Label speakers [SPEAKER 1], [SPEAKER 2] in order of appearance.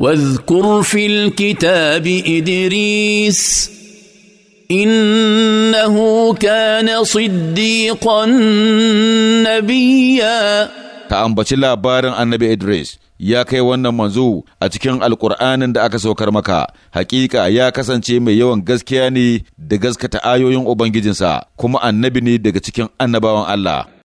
[SPEAKER 1] واذكر في الكتاب ادريس انه كان صديقا نبيا
[SPEAKER 2] ta ambaci labarin annabi Idris ya kai wannan manzo a cikin alkur'anin da aka saukar maka hakika ya kasance mai yawan gaskiya ne da gaskata ayoyin ubangijinsa kuma annabi ne daga cikin annabawan Allah